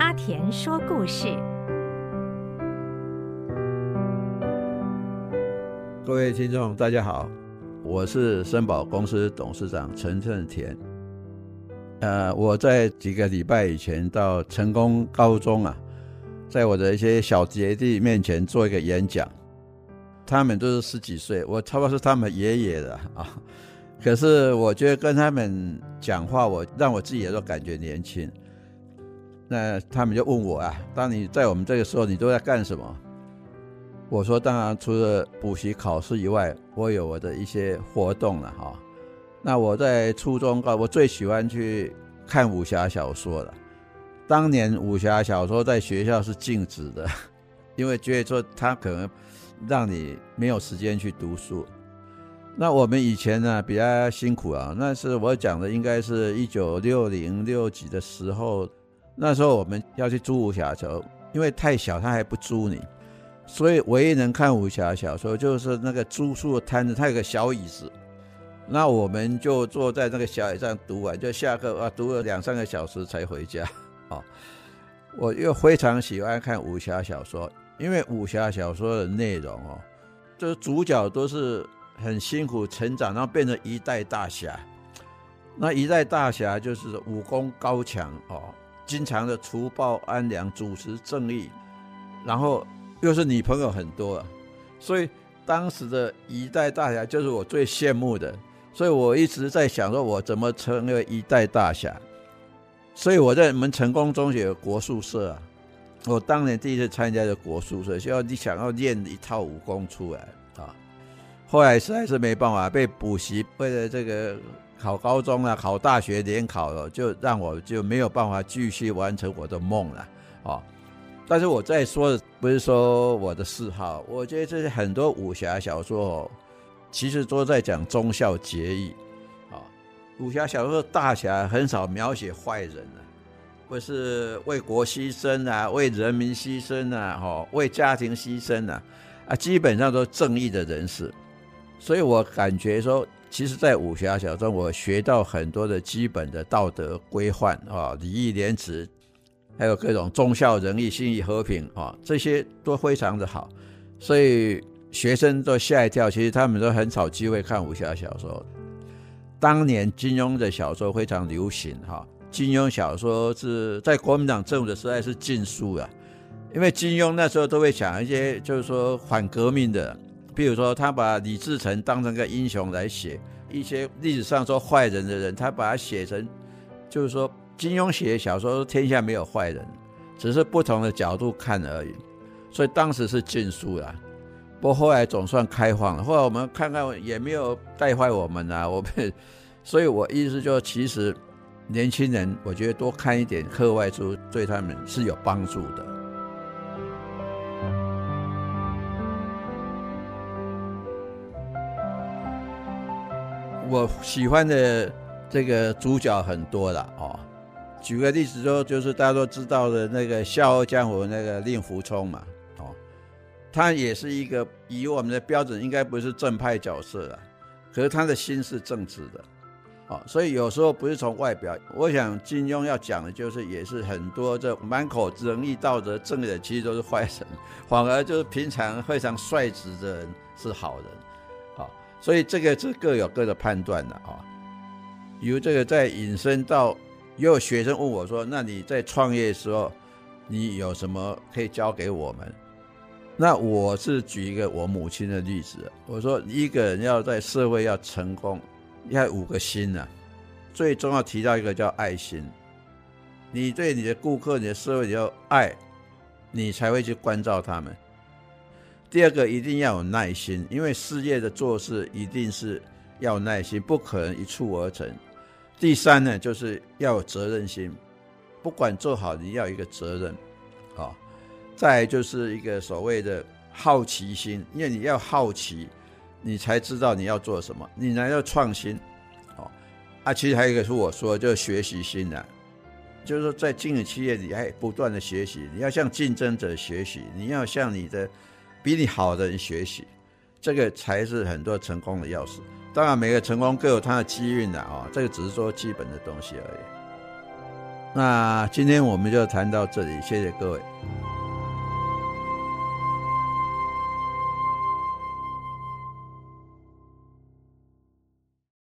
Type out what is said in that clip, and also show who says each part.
Speaker 1: 阿沺說故事。各位聽眾，大家好，我是森寶公司董事長陳正沺。呃，我在幾個禮拜以前到成功高中啊，在我的一些小學弟面前做一個演講，他們都是十幾歲，我差不多是他們爺爺了啊。可是我覺得跟他們講話我，我讓我自己也都感覺年輕。那他們就問我啊，當你在我們這個時候，你都在幹什麼？我說，當然除了補習考試以外，我有我的一些活動了、啊、哈。那我在初中高，我最喜歡去看武俠小說了。當年武俠小說在學校是禁止的，因為覺得說他可能讓你沒有時間去讀書。那我們以前呢、啊、比較辛苦啊，那是我講的，應該是一九六零六幾的時候。那時候我們要去租武俠小說，因為太小他還不租你，所以唯一能看武俠小說就是那個租書的攤子，他有個小椅子，那我們就坐在那個小椅子上讀完，就下課啊，讀了兩三個小時才回家啊，哦。我又非常喜歡看武俠小說，因為武俠小說的內容哦，就是主角都是很辛苦成長，然後變成一代大俠。那一代大俠就是武功高強哦。經常的除暴安良，主持正義，然後又是女朋友很多，啊，所以當時的一代大俠就是我最羨慕的，所以我一直在想說，我怎麼成為一代大俠？所以我在我們成功中學的國術社啊，我當年第一次參加的國術社，需要你想要練一套武功出來啊，後來實在是沒辦法，被補習為了這個。考高中啊，考大學聯考了，就讓我就沒有辦法繼續完成我的夢了啊、哦！但是我在說的不是說我的嗜好，我覺得這是很多武俠小說，其實都在講忠孝節義啊、哦。武俠小說大俠很少描寫壞人了、啊，或是為國犧牲啊，為人民犧牲啊，哈、哦，為家庭犧牲啊啊，基本上都正義的人士，所以我感覺說。其實，在武俠小說我學到很多的基本的道德規範啊，禮義廉恥，還有各種忠孝仁義、信義和平啊，這些都非常的好。所以學生都嚇一跳，其實他們都很少機會看武俠小說。當年金庸的小說非常流行哈，金庸小說是在國民黨政府的時代是禁書的啊，因為金庸那時候都會講一些就是說反革命的。比如說，他把李自成當成個英雄來寫，一些歷史上說壞人的人，他把他寫成，就是說，金庸寫的小說，天下沒有壞人，只是不同的角度看而已。所以當時是禁書了，不過後來總算開放了。後來我們看看也沒有帶壞我們啊，我們，所以我意思就，其實年輕人，我覺得多看一點課外書，對他們是有幫助的。我喜歡的這個主角很多了哦，舉個例子說，就是，就是大家都知道的那個《笑傲江湖》那個令狐沖嘛，哦，他也是一個以我們的標準應該不是正派角色了，可是他的心是正直的，啊，哦，所以有時候不是從外表。我想金庸要講的就是，也是很多這滿口仁義道德正人，其實都是壞人，反而就是平常非常率直的人是好人，啊，哦。所以這個是各有各的判斷的啊。由這個在引申到，也有，有學生問我說：“那你在創業的時候，你有什麼可以教給我們？”那我是舉一個我母親的例子。我說一個人要在社會要成功，要五個心呢、啊。最重要提到一個叫愛心。你對你的顧客、你的社會你要愛，你才會去關照他們。第二個一定要有耐心，因為事業的做事一定是要耐心，不可能一蹴而成。第三呢，就是要有責任心，不管做好你要有一個責任啊、哦。再來就是一個所謂的好奇心，因為你要好奇，你才知道你要做什麼，你還要創新好、哦、啊，其實還有一個是我說的，就是學習心呢、啊，就是說在經營企業裡，還不斷的學習，你要向競爭者學習，你要向你的。比你好的人學習，這個才是很多成功的鑰匙。當然，每個成功都有它的機運的啊，這個只是說基本的東西而已。那今天我們就談到這裡，謝謝各位。